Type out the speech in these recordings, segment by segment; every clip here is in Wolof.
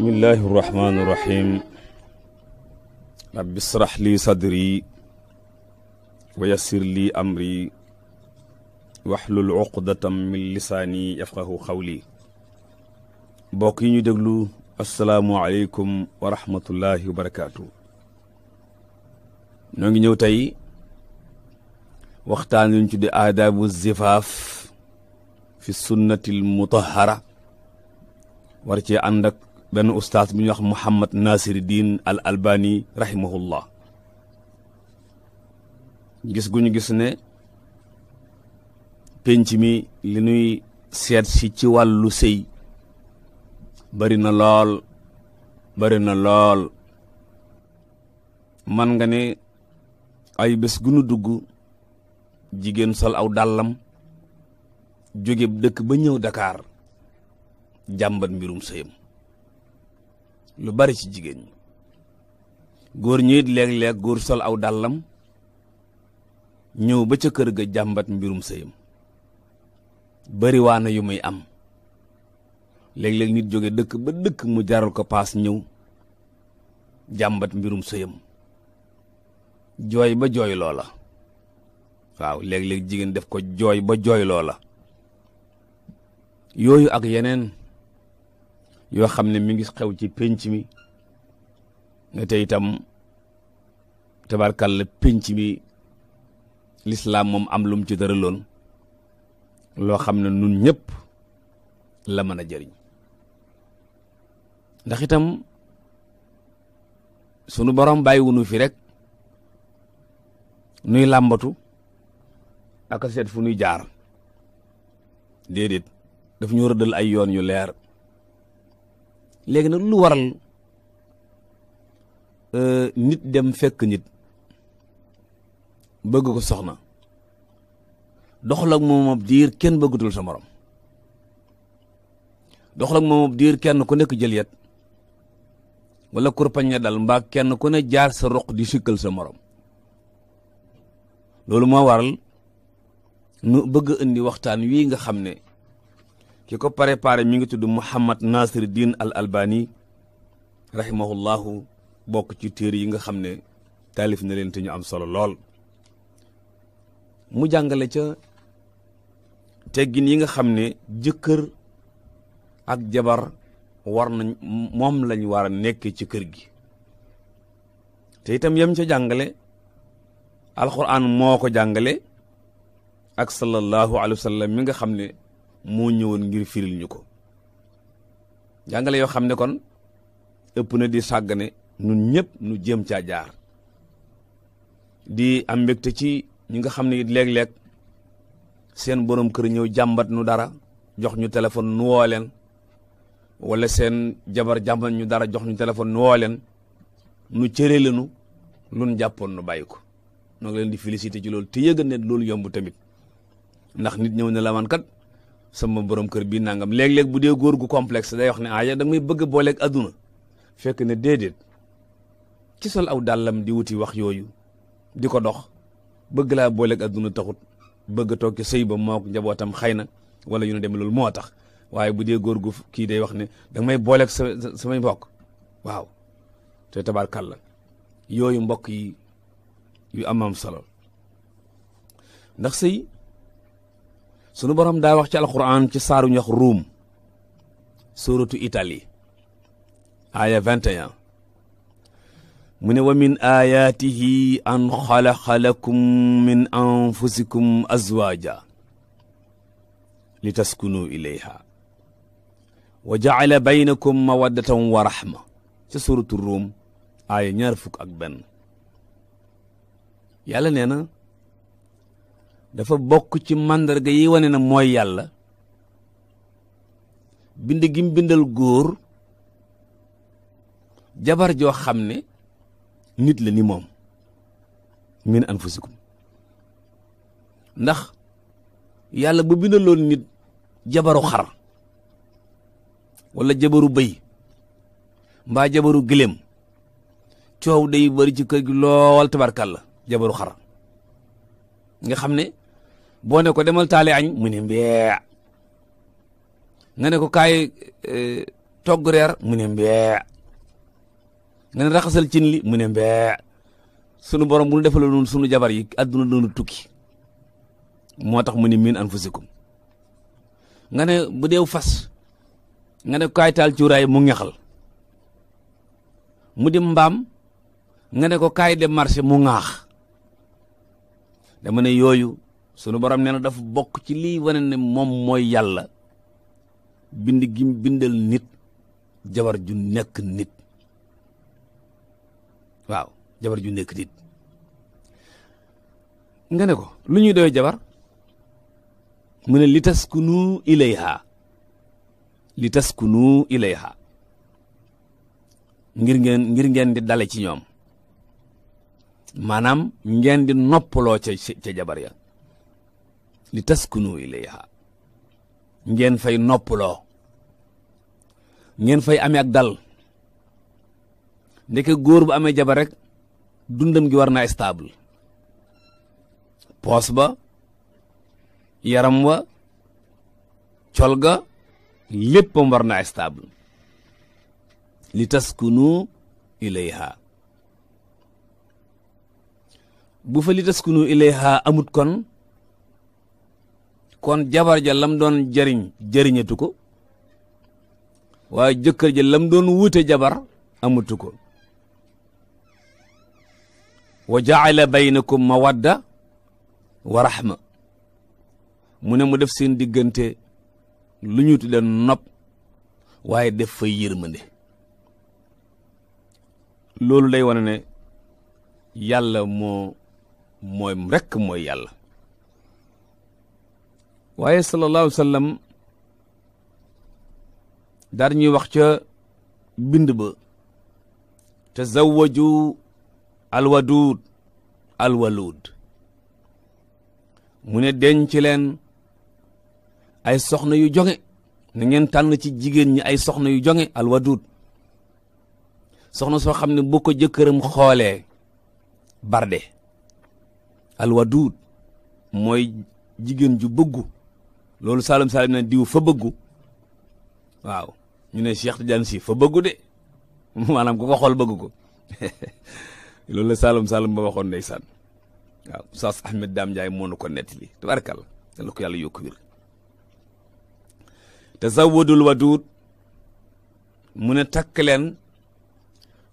bismillahi irrahmani irrahim rabbi israh li sadri wa li amri waxlul uqdatam min lisaani yafqahu xawli mbokk yi ñu déglu asalaamualeykum wa rahmatullahi wa barakaatu ñoo ngi ñëw tey waxtaan luñ tudde aadaabu zifaaf fi sunnati l mutahara war cee ànd benn ustaas bi ñu wax Mouhamad Nasiruddin al albani rahimahullah gis gu ñu gis ne pénc mi li nuy seet ci wàllu sëy bari na lool bari na lool man nga ne ay bés gu nu dugg jigéen sol aw dàllam jóge dëkk ba ñëw dakaar jàmbat mbirum sëyam lu bari ci jigéen ñi góor ñi it léeg góor sol aw dàllam ñëw ba ca kër ga jàmbat mbirum sëyam bari yu muy am léeg-léeg nit jóge dëkk ba dëkk mu jaral ko paas ñëw jàmbat mbirum sëyam jooy ba jooy la waaw léeg-léeg jigéen def ko jooy ba jooy la yooyu ak yeneen yoo xam ne mi ngi xew ci pénc mi ne te itam tabarkàlla pénc mi lislam moom am lum ci loon loo xam ne nun ñëpp la mën a jariñ ndax itam sunu borom bàyyi wunu fi rek nuy làmbatu ak a fu nuy jaar déedéet daf ñu rëddal ay yoon yu leer léegi nag lu waral euh, nit dem fekk nit bëgg ko soxna doxal ak moom ab diir kenn bëggatul sa morom dox ak moom ab diir kenn ku nekk jël yet walla kurpañ dal mba kenn ku ne jaar sa roq di sikkal sa morom loolu moo waral nu bëgg indi waxtaan wii nga xam ne ki ko préparé mu ngi tudd Mouhamad Nasiruddin al Albani rahimahullahu bokk ci téere yi nga xam ne taalif na leen te ñu am solo lool mu jàngale ca teggin yi nga xam ne jëkkër ak jabar war nañ moom lañ war a nekkee ci kër gi te itam yem ca jàngale alxuraan moo ko jàngale ak sallallahu alayhi wa sallam mi nga xam ne moo ñëwoon ngir firil ñu ko jàngale yoo xam ne kon ëpp na di sàggane nun ñëpp nu jëm caa jaar di am ci ñi nga xam ne it léeg-léeg seen borom kër ñëw jàmbat nu dara jox ñu téléphone nu woo leen wala seen jabar jàmbat ñu dara jox ñu téléphone nu woo leen nu cëree leenu lun jàppoon nu bàyyi ko noo ngi leen di félicité ci loolu te yëgal ne loolu yomb tamit ndax nit ñëw ne la kat sama boroom kër bii nangam léeg-léeg bu dee góor gu complexe day wax ne ah yow da nga may bëgg a booleeg adduna fekk ne déedéet ki sol aw dàllam di wuti wax yooyu di ko dox bëgg laa booleek adduna taxut bëgg toog ci sëy ba mook njabootam xëy na wala yu ne loolu moo tax waaye bu dee góor gu kii day wax ne da nga may booleeg sa samay mbokk waaw te tabaarkàlla yooyu mbokk yi yu am am solo ndax sëy sunu borom daa wax ci alquran ci saaruñu wax ruum suratu Italie aaya 21 mu ne wa min ayaatihi an xalaqa lakum min anfusikum azwaaja li taskunu ilayha wa jaala baynakum mawaddatan wa raxma ci suratu ruum aaya ñaar fukk ak benn yàlla nee na dafa bokk ci màndarga yi wane na mooy yàlla bind gi bindal góor jabar joo xam ne nit la ni moom min anfusikum ndax yàlla bu bindaloon nit jabaru xar wala jabaru bëy mbaa jabaru gëléem coow day bari ci kër gi lool la jabaru xar nga xam ne boone ko demal taale añ mu ne nga ne ko kaay e, togg reer mune ne nga ne raxasal cin li mu ne sunu borom bu nu defale noonu sunu jabar yi adduna doonu tukki moo tax mune miin miin anfusikum nga ne bu deew fas nga ne kaay taal cuuraay mu ñaxal mu dem mbaam nga ne ko kaay dem marché mu ŋaax dama ne yooyu sunu borom nee na dafa bokk ci lii wane ne moom mooy yàlla bind gim bindal nit jabar ju nekk nit waaw jabar ju nekk nit nga ne ko lu ñuy doy jabar mu ne li taskunu ilayha li taskunu ilayha ngir ngeen ngir ngeen di dale ci ñoom maanaam ngeen di noppaloo ca ca jabar ya li taskunu ilayha ngeen fay noppaloo ngeen fay amee ak dal ndeke góor bu amee jabar rek dundam gi war na stable poos ba yaram wa col ga léppam war na stable li taskunu ilayha bu fa li taskunu ilayha amut kon kon jabar ja lam doon jariñ jëriñatu ko waaye jëkkër ja lam doon wuute jabar amatu ko wa ko ma mawadda warax rahma mu ne mu def seen diggante lu ñu tudde nopp waaye def fa yërmande loolu lay wane ne yàlla moo mooy rekk mooy yàlla waaye sallallahu alayhi wa sallam ñuy wax ca bind ba tazawwaju alwadud alwalud mu ne denc leen ay soxna yu jonge na ngeen tànn ci jigéen ñi ay soxna yu jonge alwadud soxna soo xam ne bu ko jëkkëram xoolee barde alwadud mooy jigéen ju bëggu loolu Saalum Saalum ne diw fa bëggu waaw ñu ne Cheikh Tidiane si fa bëggu de maanaam ku ko xool bëgg ko loolu la Saalum Saalum ba waxoon ndeysaan waaw Oustaz Ahmed Dame Ndiaye ko nu ko nettali tabarakalla la ko yàlla yokku wér tazawadul wadud mu ne takk leen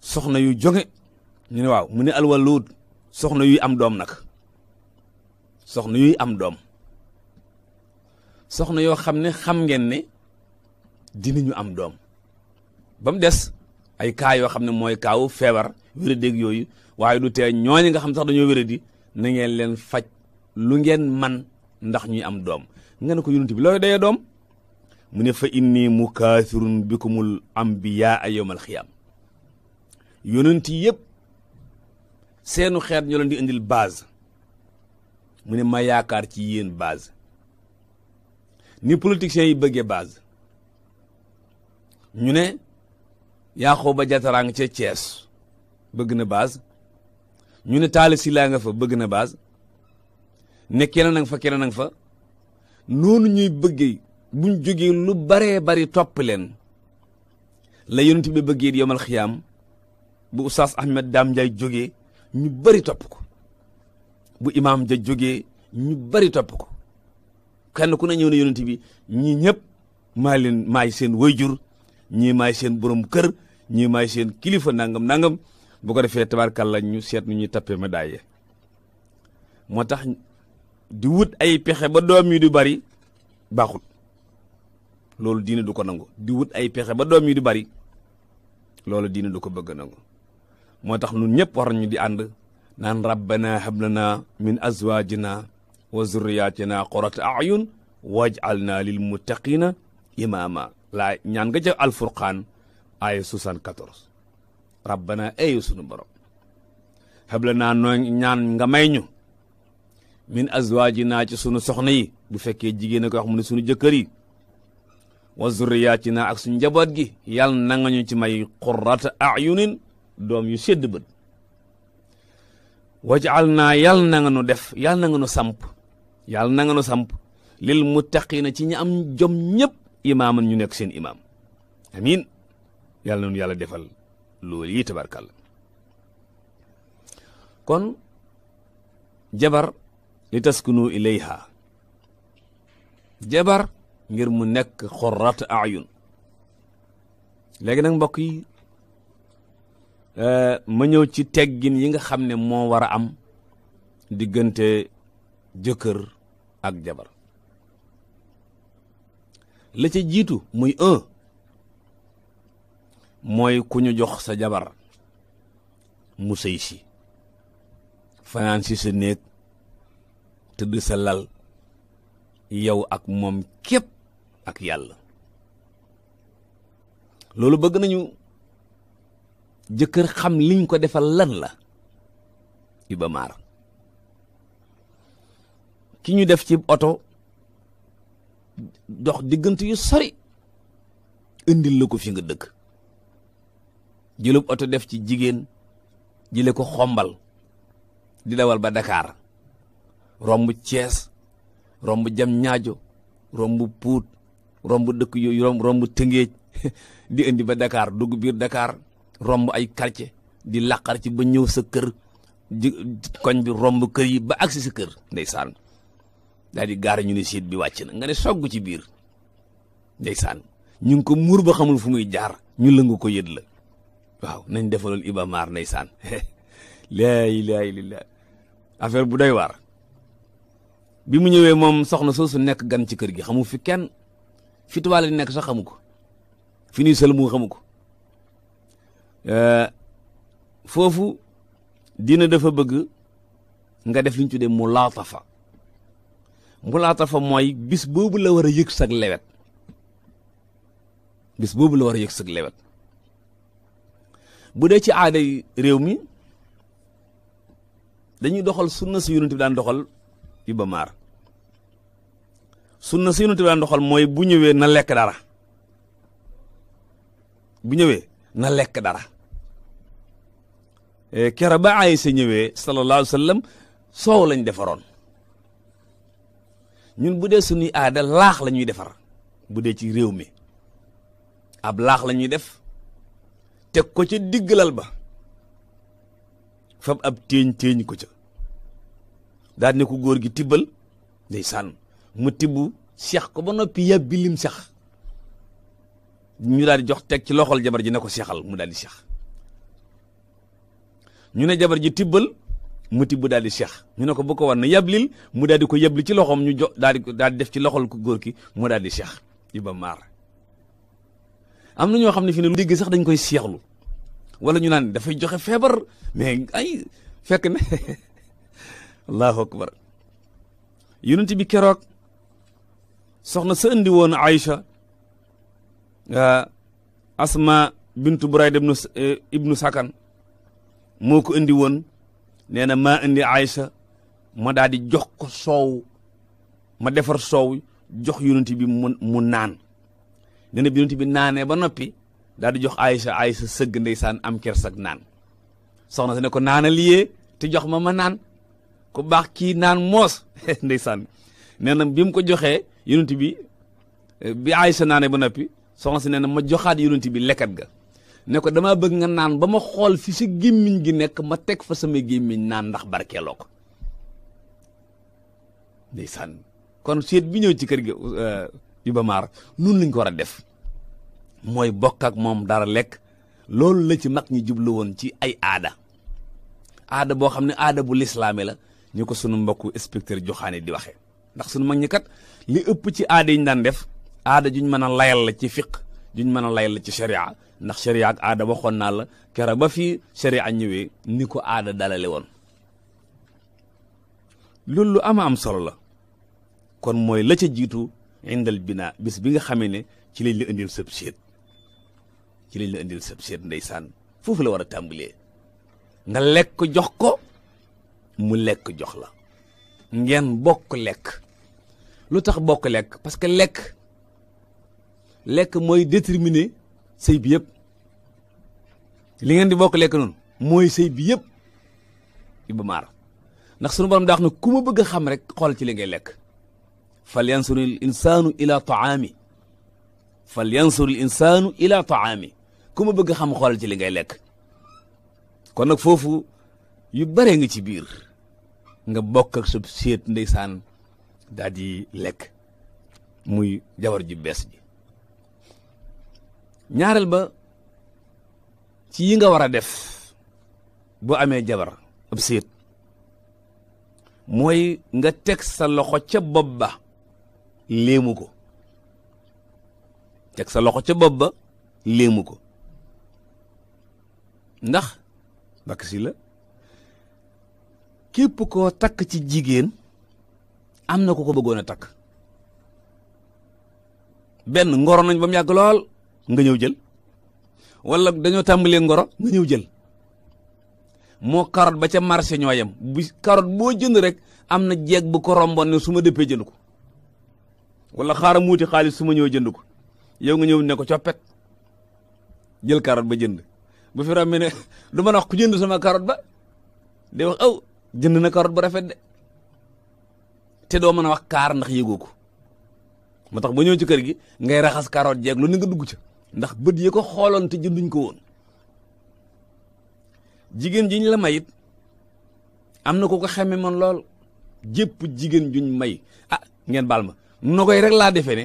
soxna yu jóge ñu ne waaw mu ne alwaluud soxna yuy am doom nag soxna yuy am doom soxna yoo xam ne xam ngeen ne dinañu am doom ba mu des ay kaa yoo xam ne mooy kaawu feebar wéradéeg yooyu waaye du tee ñooñu nga xam sax dañoo wéradi na ngeen leen faj lu ngeen man ndax ñuy am doom nga ne ko yonent bi looy dayee doom mu ne fa mu mukaasirun bikumul ambiyaa yawmal xiyaam ti yëpp seenu xeet ñoo leen di indil base mu ne ma yaakaar ci yéen base ni politiciens yi bëggee base ñu ne Yankhoba ba nga ca Thiès bëgg na base ñu ne Talla Sylla nga fa bëgg na base ne keneen nag fa keneen nag fa noonu ñuy bëggee buñ jógee lu baree bari topp leen la yonent bi bëggee yomal xiyaam bu Oustaz Ahmed Dame Ndiaye jógee ñu bari topp ko bu imaam ja jóge ñu bari topp ko kenn ku ne ñëw ne yonent bi ñii ñëpp maa leen maay seen wayjur ñii maay seen borom kër ñii maay seen kilifa nangam nangam bu ko defee tabarkàlla ñu seet nu ñuy tappee ma daaye moo tax di wut ay pexe ba doom yi bari baaxul loolu diine du ko nangu di wut ay pexe ba doom yi du bari loolu diine du ko bëgg nangu moo tax nu ñëpp war nañu di ànd naan rabbana hablana min azwajina wa zurriyatina qurrata a'yun waj'alna lil muttaqina imama laa ñaan nga ca alfurqaan aaya 74 rabbana ayu sunu borom xebla naa noo ñaan nga may ñu min azwaajinaa ci sunu soxna yi bu fekkee jigéen a ko wax sunu jëkkër yi wa zurriyaatinaa ak suñu njaboot gi yàlla na nga ñu ci may qurrata ayunin doom yu sedd bët wajal naa yàlla na nga nu def yàlla na nu samp yàlla na nga nu samp lil muttaqiina ci ñi am jom ñëpp imaaman ñu nekk seen imaam amiin yàlla na nu yàlla defal loolu yi tabarkàlla kon jabar li taskunu ilayha jabar ngir mu nekk xurrat ayun léegi nag mbokk yi euh, ma ñëw ci teggin yi nga xam ne moo war a am diggante jëkkër ak jabar la ca jiitu muy mooy ku ñu jox sa jabar mu sëy si fanaan si sa néeg tëdd sa lal yow ak moom képp ak yàlla loolu bëgg nañu jëkkër xam li liñ ko defal lan la Iba ki ñu def ci oto dox diggante yu sori indil la ko fi nga dëkk jëlub oto def ci jigéen jële ko xombal di dawal ba dakaar romb cees romb jam ñaajo romb puut romb dëkk yooyu romb romb tëngéej di indi ba dakaar dugg biir dakaar romb ay quartier di laqar ci ba ñëw sa kër di koñ bi romb kër yi ba agsi sa kër ndeysaan daal di gaara ñu ne siit bi wàcc na nga ne sogg ci biir ndeysaan ñu ngi ko muur ba xamul fu muy jaar ñu lëngu ko yët la waaw nañ defaloon Iba Maar ndeysaan laa ilaaha illallaah affaire bu day waar bi mu ñëwee moom soxna soosu nekk gan ci kër gi xamu fi kenn fi tubaab nekk sax xamu ko fi ñuy sël mu xamu ko euh, foofu dina dafa bëgg nga def li ñu tuddee mu laatafa mbulaata fa mooy bis boobu la war a yëg sag lewet bis boobu la war a sag lewet bu dee ci aaday réew mi dañuy doxal sunna si yonent bi daan doxal yu ba maar sunna si yonent bi daan doxal mooy bu ñëwee na lekk dara bu ñëwee na lekk dara eh, kera ba ay sa ñëwee sallallahu alayhi wa sallam soow lañ defaroon ñun bu dee sunuy aada laax la ñuy defar bu dee ci réew mi ab laax la ñuy def teg ko ci digg lal ba fab ab téeñ téeñ ko ca daal ne ko góor gi tibbal day sànn mu tibb seex ko ba noppi yàbbi lim seex ñu daal di jox teg ci loxol jabar ji ne ko seexal mu daal di seex ñu ne jabar ji tibbal muti bu daal di cheikh ñu ne ko bu ko war na yablil mu daal di ko yabli ci loxoom ñu jo daal di daal def ci loxol ku góor ki mu daal di cheikh Iba Maar am na ñoo xam ne fi ne lu dégg sax dañ koy seexlu walla ñu naan dafay joxe feebar mais ay fekk ne allahu akbar yonent bi keroog soxna sa indi woon Aïcha ah, Asma bintu Burayd eh, ibnu Sakan moo ko indi woon nee na maa indi Aysa ma daal di jox ko soow ma defar soow jox yonent bi mu mu naan nee na bi yonent bi naanee ba noppi daal di jox Aysa Aysa sëgg ndeysaan am ker kersak naan soxna si ne ko naana liyee te jox ma ma naan ku baax kii naan moos ndeysaan nee na bi mu ko joxee yonent bi eh, bi Aysa naanee ba noppi soxna si nee na ma joxaat yonent bi lekkat ga ne ko damaa bëgg nga naan ba ma xool fi si gémmiñ gi nekk ma teg fa sama gémmiñ naan ndax barkeeloo ko ndeysaan kon seet bi ñëw ci kër gi euh, Iba Mar nun lañ ko war a def mooy bokk ak moom dara lekk loolu la ci mag ñi jublu woon ci ay aada aada boo xam ne aada bu lislaame la ñu ko sunu mbokku inspecteur joxaane di waxe ndax sunu mag ñi kat li ëpp ci aada yi ñu daan def aada juñ mën a layal la ci fiq juñ mën a layal la ci sharia ndax sharia ak aada waxoon naa la kera ba fi sharia ñëwee ni ko aada dalale woon loolu lu ama am solo la kon mooy la ca jiitu indal bis bi nga xamee ne ci lañ la indil sëb seet ci lañ la indil sëb ndey ndeysaan foofu la war a tàmbalee nga lekk jox ko mu lekk jox la ngeen bokk lekk lu tax bokk lekk parce que lekk lekk mooy déterminer sëy bi yëpp li ngeen di bokk lekk noonu mooy sëy bi yëpp Iba Maar ndax sunu borom daa ne ku ma bëgg xam rek xool ci li ngay lekk fal yansuru l insaanu ila taami fal yansuru l insaanu ila taami ku ma bëgg xam xool ci li ngay lekk kon nag foofu yu bare nga ci biir nga bokk ak sa séet ndeysaan daal di lekk muy jawar ji bees ji ñaareel ba ci yi nga war a def boo amee jabar ab séet mooy nga teg sa loxo ca bopp ba léemu ko teg sa loxo ca bopp ba léemu ko ndax bakk si la képp koo takk ci jigéen am na ko ko bëggoon a takk benn ngoro nañ ba mu yàgg lool nga ñëw jël wala dañoo tàmbalee ngoro nga ñëw jël moo carotte ba ca marché ñoo yem bu carotte boo jënd rek am na jeeg bu ko romboon ne su ma dëppee jënd ko wala xaaral muuti xaalis su ma ñëw jënd ko yow nga ñëw ne ko coppet jël carotte ba jënd bu fi ràmmee ne du ma wax jënd sama carotte ba day aw oh, jënd na carotte bu rafet de te doo mën a wax kaar ndax yëgoo ko ma tax ba ñëw ci kër gi ngay raxas carotte jeeg lu ni nga dugg ca ndax bët yi ko xooloon te jënduñ ko woon jigéen jiñ la mayit am na ko ko xeme man lool jépp jigéen juñ may ah ngeen baal ma nogoy rek laa defee ne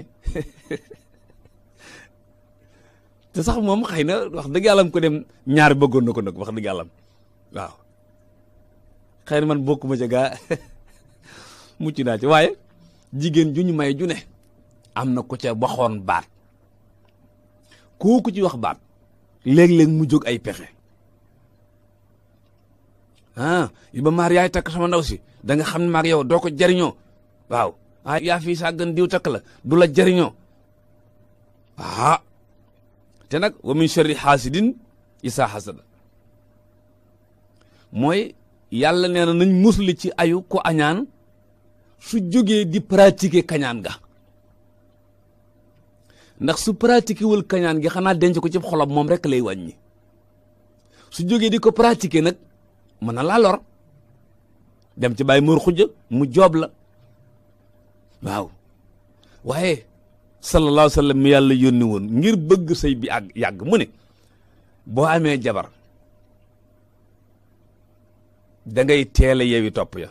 te sax moom xëy na wax dëgg yàlla ko dem ñaar bëggoon na ko nag wax dëgg yàlla waaw xëy na man bokkuma ca gaa mucc naa ci waaye jigéen juñ may ju ne am na ko ca waxoon baat kooku ci wax baat léeg-léeg mu jóg ay pexe ah ba maar yaay takk sama ndaw si danga xam ne maag yow doo ko jariñoo waaw ah yaa fii saa gën diw takk la du la jariñoo ah te nag wa min sharri xaasidin isaa xasada mooy yàlla nee na nañ musli ci ayu ko añaan su jógee di pratiquer kañaan ga ndax su pratiqué wul kañaan gi xanaa dence ko ci xolam moom rek lay wàññi su jógee di ko pratiqué nag mën na laa lor dem ci bàyyi mor xujja mu joob la waaw waaye sallallahu alayhi wa sallam mi yàlla yónni woon ngir bëgg sëy bi àgg yàgg mu ne boo amee jabar da ngay teel a yewi topp ya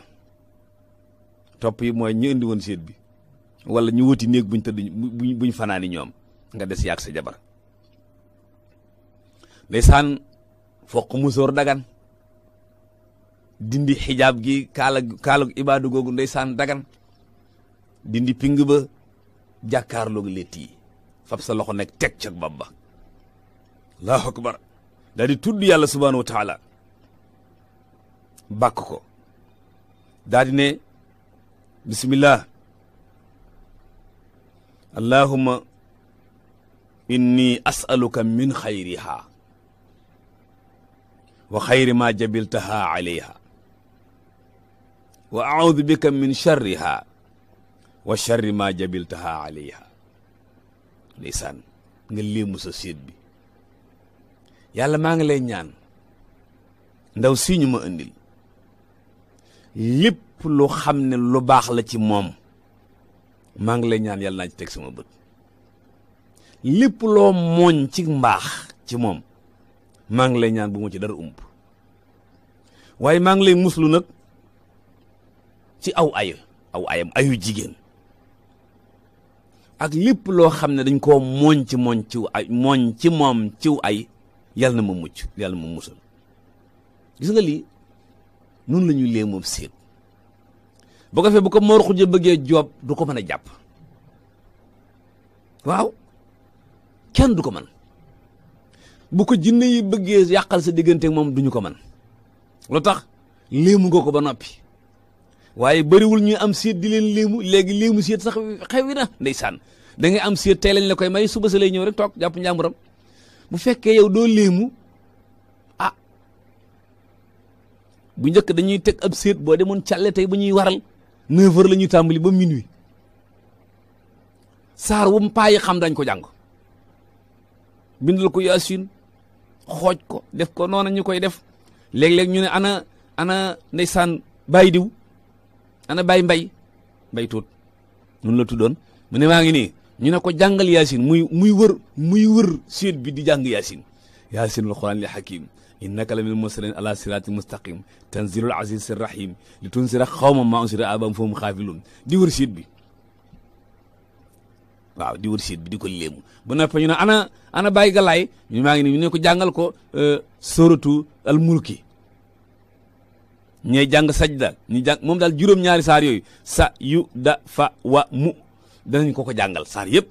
topp yi mooy ñu indi woon séet bi wala ñu wuti néeg buñ tëdd buñ buñ fanaani ñoom nga des yaag sa jabar ndeysaan foq musóor dagan dindi xijaab gi kaala kaala ibaadu googu ndeysaan dagan dindi ping ba jàkkaarloog létt yi fab sa loxo nekk teg ca bab ba allahu akbar daal di tudd yàlla subhaanahu wa taala bàkk ko ne bismillah allahumma inni asaluka min xayriha wa xayri ma jabiltaha alayha wa audu bika min charriha wa charri ma jabiltaha alayha ndeysaan nga léemu sa séet bi yàlla maa ngi lay ñaan ndaw sii ñu ma indil lépp lu xam ne lu baax la ci moom maa ngi lay ñaan yàlla naa ci teg sama bët lépp loo mooñ ci mbaax ci moom maa ngi lay ñaan bu mu ci dara ump waaye maa ngi lay muslu nag ci aw ayu aw ayam ayu jigéen ak lépp loo xam ne dañ koo mooñ ci mooñ ciw ay mooñ ci moom ciw ay yàlla na ma mucc yàlla na ma musal gis nga lii noonu la ñuy lee moom séet bu ko fee bu ko moor xuj a bëggee joob du ko mën a jàpp waaw kenn du ko mën bu ko jinne yi bëggee yàqal sa diggante moom duñu ko man lu tax léemu nga ko ba noppi waaye bëriwul ñuy am seet di leen léemu léegi léemu seet sax xewi na ndeysaan da ngay am seet tey lañ la koy may suba sa lay ñëw rek toog jàpp njàmburam bu fekkee yaw doo léemu ah bu njëkk dañuy teg ab seet boo demoon càlle tey ba ñuy waral 9h la ñuy tàmbali ba minuit saar wu mu paayi xam dañ ko jàng bindal ko yaasin xooj ko def ko noona ñu koy def léeg-léeg ñu ne ana ana ndeysaan bay diw ana bàyyi mbay mbay tuut mun la tuddoon mu ne maa ngi nii ñu ne ko jàngal yaasin muy muy wër muy wër séet bi di jàng yaasin yaasin al quran li hakim innaka la min mursalin ala sirati mustaqim tanzilul aziz rahim li tunsira xawma ma unsira abam fahum xaafilun di wër séet bi waaw di wër siit bi di ko léemu bu noppee ñu ne ana ana bàyyi galaay ñu maa ngi ni ñu ne ko jàngal ko euh, sóoratu al mulki ñooy jàng sajda ñu jàng moom daal juróom-ñaari saar yooyu sa yu da fa wa mu danañ ko ko jàngal saar yëpp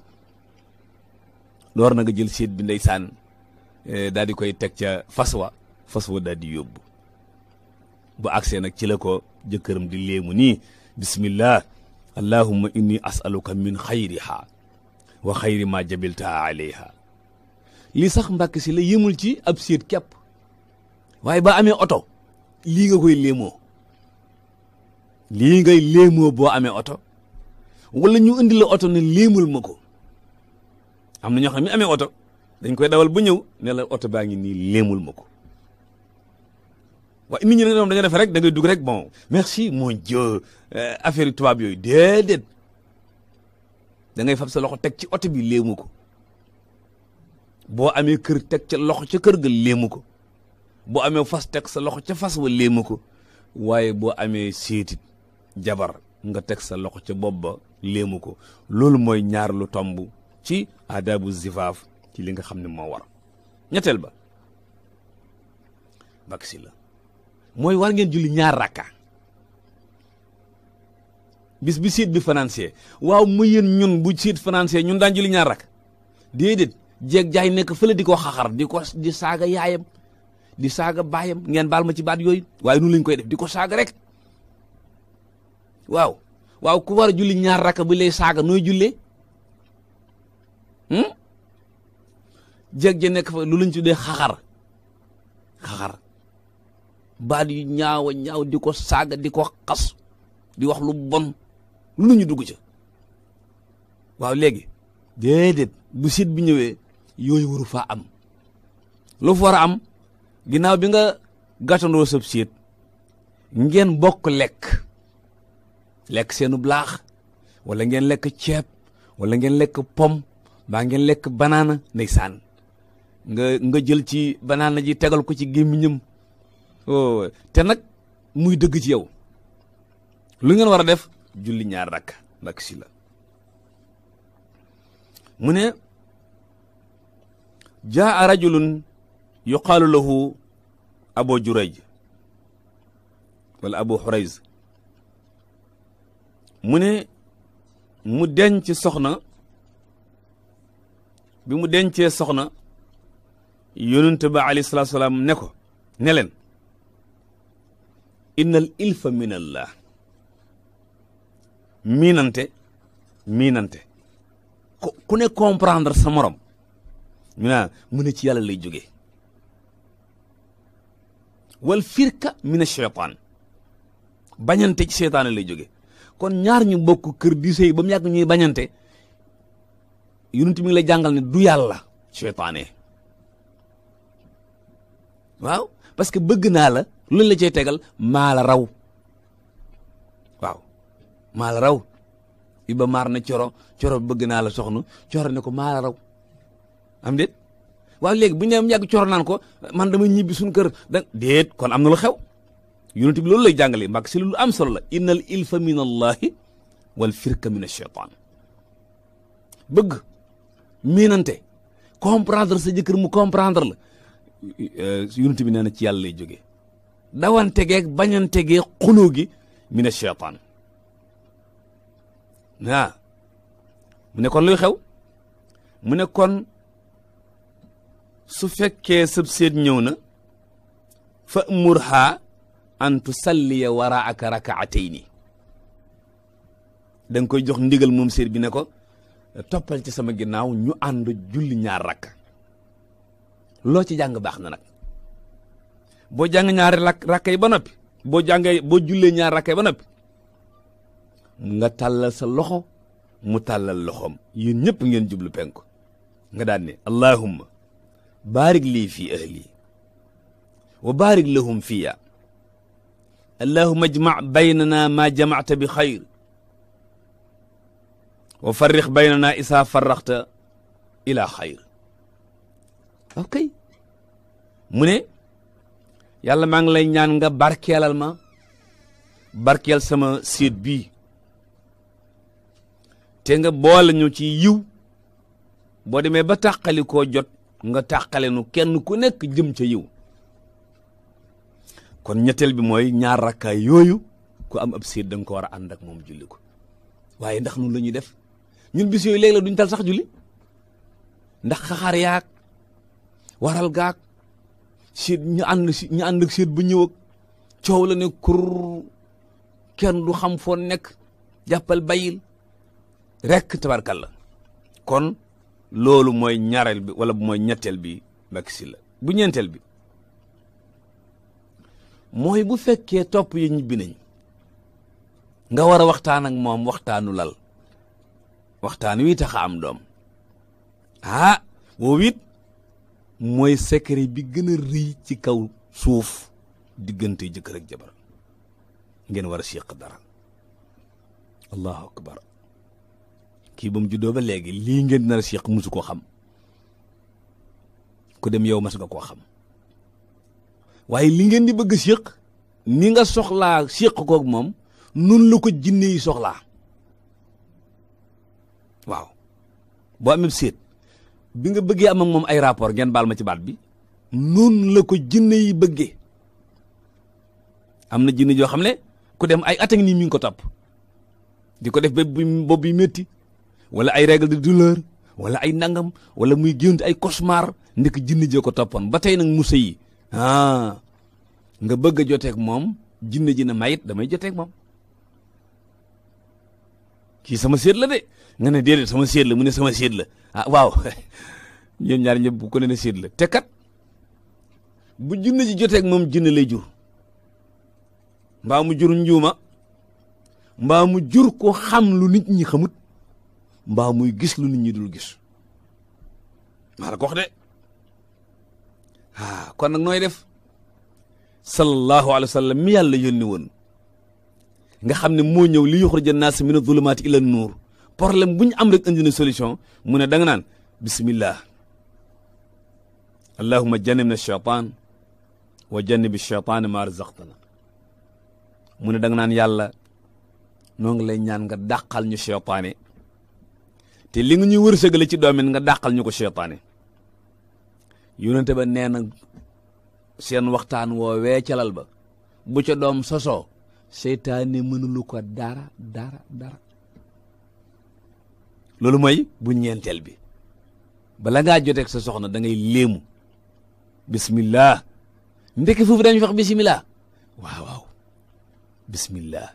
door na nga jël siit bi saan euh, daal di koy teg ca faswa wa fas wa di yóbbu bu agsee nag ci la ko jëkkëram di léemu nii bismillah allahumma inni asaluka min xayriha wa xayri ma jabiltaha alayha li sax mbàkk si la yëmul ci ab séet kepp waaye ba amee oto lii nga koy léemoo lii ngay léemoo boo amee oto wala ñu indi oto ne léemul ma ko am na ñoo xam ne amee oto dañ koy dawal ba ñëw ne la oto baa ngi nii léemul ma ko waaye nit ñi nag ñoom dañoo def rek da ngay dugg rek bon merci mon Dieu euh, affaire tubaab yooyu déedéet da ngay fab sa loxo teg ci oto bi léemu ko boo amee kër teg ca loxo ca kër ga léemu ko boo amee fas teg sa loxo ca fas wa léemu ko waaye boo amee séetit jabar nga teg sa loxo ca bopp ba léemu ko loolu mooy ñaar lu tomb ci adabu zifaaf ci li nga xam ni moo war ñetteel ba bak si la mooy war ngeen julli ñaar rakka bis bi siit bi financé waaw mu yéen ñun bu siit financé ñun daan julli ñaar rak déedéet jeeg jaay nekk fële di ko xaxar di ko di saaga yaayam di saaga baayam ngeen baal ma ci baat yooyu waaye nu lañ koy def di ko saaga rek waaw waaw ku war a julli ñaar rakk bu lay saaga nooy jullee hmm? jeeg ja nekk fa lu lañ tuddee baat yu ñaawa ñaaw di ko saaga di ko xas di wax lu bon lu nu ñu dugg ca waaw léegi déedéet bu sit bi ñëwee yooyu waru faa am lu fa war a am ginnaaw bi nga gàttandoo sab siit ngeen bokk lekk lekk seenu blaax wala ngeen lekk ceeb wala ngeen lekk pom baa ngeen lekk banaana ndeysaan nga nga jël ci banaana ji tegal ko ci gémmiñam oh, te nag muy dëgg ci yow lu ngeen war a def julli ñaar rakk rakk si la mu ne jaa rajulun yuqaalu lahu abu jurayj wala abu xurayz mu ne mu denc soxna bi mu dencee soxna yonent ba alayhi salaatu salaam ne ko ne leen innal ilfa min allah miinante miinante ku ne comprendre sa morom ñu naan mu ci yàlla lay jógee wal firka mina cheytaan bañante ci cheytaane lay jógee kon ñaar ñu bokk kër di sëy ba mu yàgg bañante yonent mi ngi lay jàngal ne du yàlla cheytaane waaw parce que bëgg naa la lu la cay tegal maa raw maa la raw ba maar na coro coro bëgg naa la soxna coro ne ko maa la raw am déet waaw léegi bu ñu nee yàgg coro naan ko man dama ñibbi suñu kër da déet kon am na lu xew yonent bi loolu lay jàngale mbàkk si lu am solo la innal ilfa min allahi wal firka min ashaytan bëgg miinante comprendre sa jëkkër mu comprendre la euh, yonent bi nee na ci yàlla lay jógee dawante geeg bañante geeg xuloo gi min ashaytan waaw mu ne kon luy xew mu ne kon su fekkee sëb seet ñëw na fa murha an tusalliya waraaka rakaatayni da nga koy jox ndigal moom seet bi ne ko toppal ci sama ginnaaw ñu ànd julli ñaar rakk loo ci jàng baax na nag boo jàng ñaari rakk rakk yi ba noppi boo jàngee boo jullee ñaar rakk yi ba noppi nga tàllal sa loxo mu tàllal loxoom yéen ñëpp ngeen jublu penku nga daan ne allahumma baarik lii fii ahli wa baarik lahum fiya allahumma ajmac baynana maa jamacta bi xayr wa farrix baynana isaa farraxta ila xayr ok mu ne yàlla maa ngi lay ñaan nga barkeelal ma barkeel sama séet bii te nga boole ñu ci yiw boo demee ba tàqali ko jot nga tàqale nu kenn ku nekk jëm ca yiw kon ñetteel bi mooy ñaar rakkaay yooyu ku am ab séet da ko war a ànd ak moom julli ko waaye ndax nun la ñuy def ñun bis yooyu léeg la duñ tal sax julli ndax xaxaar yaag waral gaag séet ñu ànd si ñu ànd ak ñëw ak coow la ne kur kenn du xam foo nekk jàppal bayil rekk la kon loolu mooy ñaareel bi wala mooy ñetteel bi Macky la bu ñeenteel bi mooy bu fekkee topp yi ñibbi nañ nga war a waxtaan ak moom waxtaanu lal waxtaan wi taxa am doom ah woowu it mooy secret bi gën a rëy ci kaw suuf diggante jëkkër ak jabar ngeen war a séq dara allahu akbar kii ba mu juddoo ba léegi lii ngeen nar a séq su koo xam ku dem yow mas nga koo xam waaye li ngeen di bëgg a ni nga soxlaa séq kook moom nun la ko jinne yi soxlaa waaw boo amee séet bi nga bëggee am ak moom ay rapport ngeen baal ma ci baat bi nun la ko jinne yi bëggee am na jinne joo xam ne ku dem ay at a nii mi ko topp di ko def bopp bi métti wala ay règle de douleur wala ay nangam wala muy gént ay cauchemar ndek jinne jee ko toppoon ba tey nag musa yi ah, nga bëgg a joteeg moom jinne ji ne mayit damay joteeg moom kii sama séet la de nga ne déedéet sama séet la mu ne sama séet la ah waaw bu ko la te bu jinne ji joteeg moom jinne lay jur mbaa mu jur njuma mbaa mu jur ko xam lu nit ñi xamut mbaaw muy gis lu nit ñi dul gis maa la ko de ah kon nag nooy def sallallahu alayhi wa sallam mi yàlla yónni woon nga xam ne moo ñëw li yuxrija naas mina zulumaati ila nuur problème bu ñu am rek indi na solution mu ne da naan bismillah allahumma jannibna shaytaan wa jannibi shaytaan ma razaqtana mu ne dang naan yàlla noo ngi lay ñaan nga dàqal ñu shaytaane te li nga ñuy wër wërsëgale ci doomin nga dàqal ñu ko seytaane yónnante ba nee na seen waxtaan woowee ca lal ba bu ca doom sosoo seytaane mënulu ko dara dara dara loolu mooy bu ñeenteel bi bala ngaa joteeg sa soxna dangay ngay léemu bismillah ndekki foofu dañu wax bismillah waaw waaw bismillah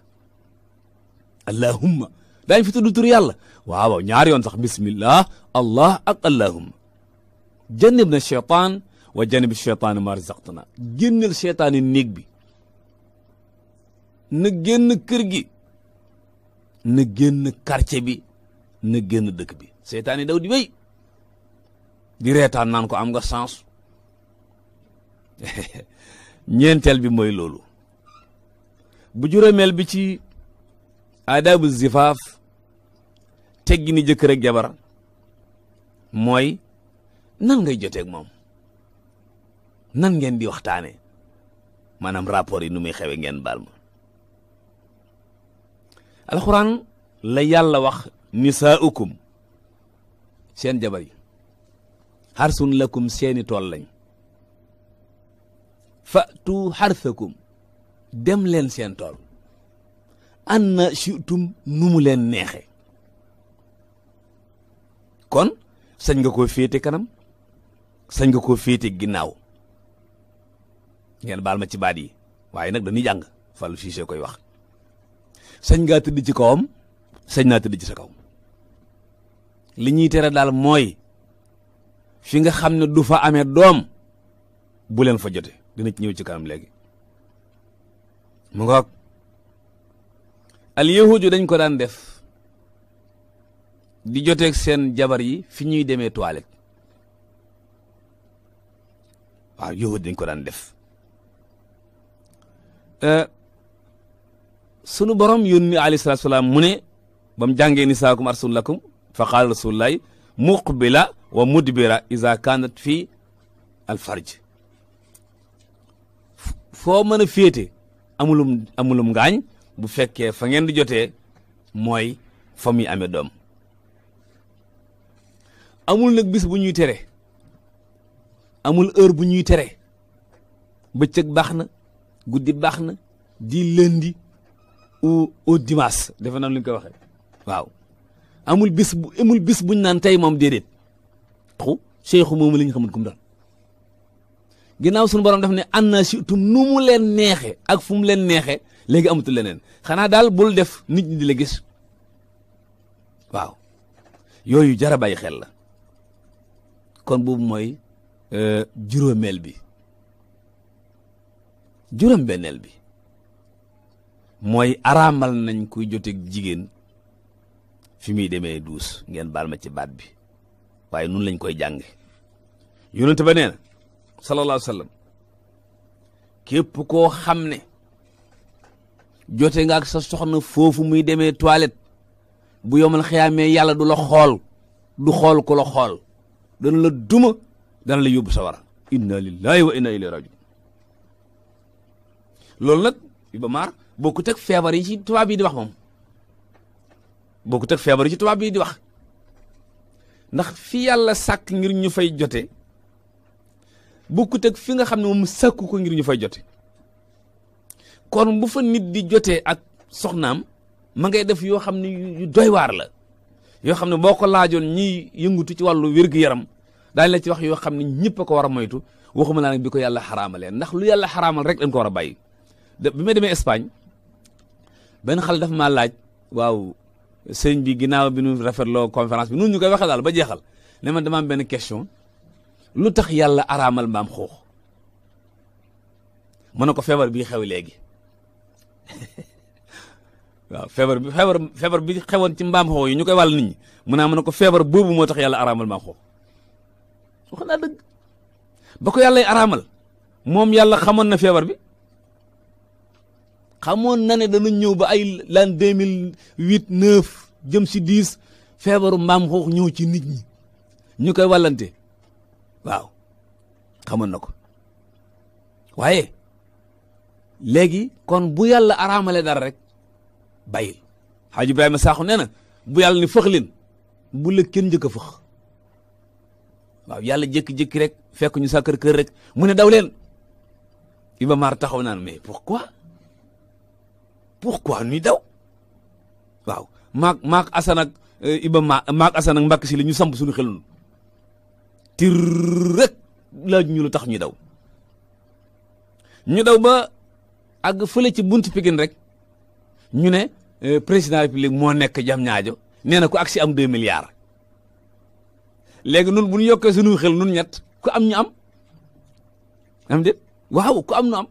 allahumma daañu fi tudd tur yàlla waaw ñaari yoon sax bismillah allah ak allahumma jannib na cheytaan wa jannib cheytaan ma razaqtana génnel cheytaan yi néeg bi na génn kër gi na génn quartier bi na génn dëkk bi cheytaan yi daw di reetaan naan ko am nga sens ñeenteel bi mooy loolu bu juróomeel bi ci adabu zifaaf teggi ni jëkkër jabar mooy nan ngay joteek moom nan ngeen di waxtaane maanaam rapport yi nu muy xewe ngeen baal ma alxuraan la yàlla wax nisaaukum seen jabar yi xarsun lakum seeni tool lañ fatu xarsakum dem leen seen tool an na shi'tum nu mu leen neexe kon sañ nga ko féete kanam sañ nga ko féete ginnaaw ngeen baal ma ci baat yi waaye nag dañuy jàng Fallou Cissé koy wax sañ ngaa tëdd ci kawam sañ naa tëdd ci sa kaw li ñuy tere daal mooy fi nga xam ne du fa amee doom bu leen fa jote dina ci ñëw ci kanam léegi mu ngoog al yahuud dañ ko daan def di joteek seen jabar yi fi ñuy demee toilette waaw yow dañ ko daan def euh, sunu borom yónni alayhi salaatu salaam mu ne ba mu jàngee nisaakum arsun lakum fa qaala rasulullahi muqbila wa mudbira iza kanat fi alfarj foo mën a féete amulum amulum ngaañ bu fekkee fa ngeen di jotee mooy fa muy amee doom amul nag bis bu ñuy teree amul heure bu ñuy tere bëccëg baax na guddi baax na di lundi au au dimanche defe naa lu ñu koy waxee waaw amul bis bu amul bis buñ naan tey moom déedéet xu cheikhu moomu la ñu xamul kum doon ginnaaw suñu borom daf ne an na surtout nu mu leen neexe ak fu mu leen neexe léegi amatul leneen xanaa daal bul def nit ñi di la gis waaw yooyu jar a bàyyi xel la kon boobu mooy euh, juróomeel bi juróom benneel bi mooy araamal nañ kuy joteeg jigéen fi muy demee duus ngeen baal ma ci baat bi waaye nun lañ koy jànge yonente ba nee na sallallahu alayhi wa sallam képp koo xam ne jote nga ak sa soxna foofu muy demee toilette bu yomal xiyaamee yàlla du la xool du xool ku la xool dana la duma dana la yóbbu sawara inna lillahi wa inna ilayhi rajiun loolu nag Iba Mar bokkut ak feebar yi ci tubaab yi di wax moom bokkut ak feebar yi ci tubaab yi di wax ndax fi yàlla sàkk ngir ñu fay jote bokkut ak fi nga xam ne moom sàkku ko ngir ñu fay jote kon bu fa nit di jotee ak soxnaam ma ngay def yoo xam ne yu doy waar la yoo xam ne boo ko laajoon ñiy yëngutu ci wàllu wér-gu-yaram daal la ci wax yoo xam ne ñëpp ko war a moytu ma laa nag bi ko yàlla xaraamalee ndax lu yàlla xaraamal rek dañ ko war a bàyyi bi ma demee Espagne benn xale dafa maa laaj waaw seen bi ginnaaw bi nu rafetloo conférence bi nun ñu koy waxee daal ba jeexal ne ma dama am benn question lu tax yàlla araamal mbaam xuux mën na ko feebar bii xew léegi waaw feebar bi feebar feebar bi xewoon ci mbaam xoox yi ñu koy wàll nit ñi mun naa mën ne ko feebar boobu moo tax yàlla araamal mbaam xoox wax naa dëgg ba ko yàllay araamal moom yàlla xamoon na feebar bi xamoon na ne dana ñëw ba ay l'an deux mille huit neuf jëm si dix feebaru mbaam xoox ñëw ci nit ñi ñu koy wàllante waaw xamoon na ko waaye léegi kon bu yàlla araamale dara rek bàyyil xaaju Ibrahima Sakho nee na bu yàlla ni fëx leen bu la kenn njëkk a fëx waaw yàlla jékki-jékki rek fekk ñu sa kër kër rek mu ne daw leen Iba Mar taxaw naan mais pourquoi pourquoi ñuy daw waaw maak maak euh, Ma maak Assane ak Mbàkke si la ñu samp suñu xelul tir rek laaj ñulu tax ñu daw ñu daw ba àgg fële ci bunt Pikine rek ñu ne Euh, président république moo nekk jam ñaajo nee na ak si am deux milliards léegi nun bu ñu yokkee suñu xel nun ñett ku am ñu am am déet waaw ku am nu am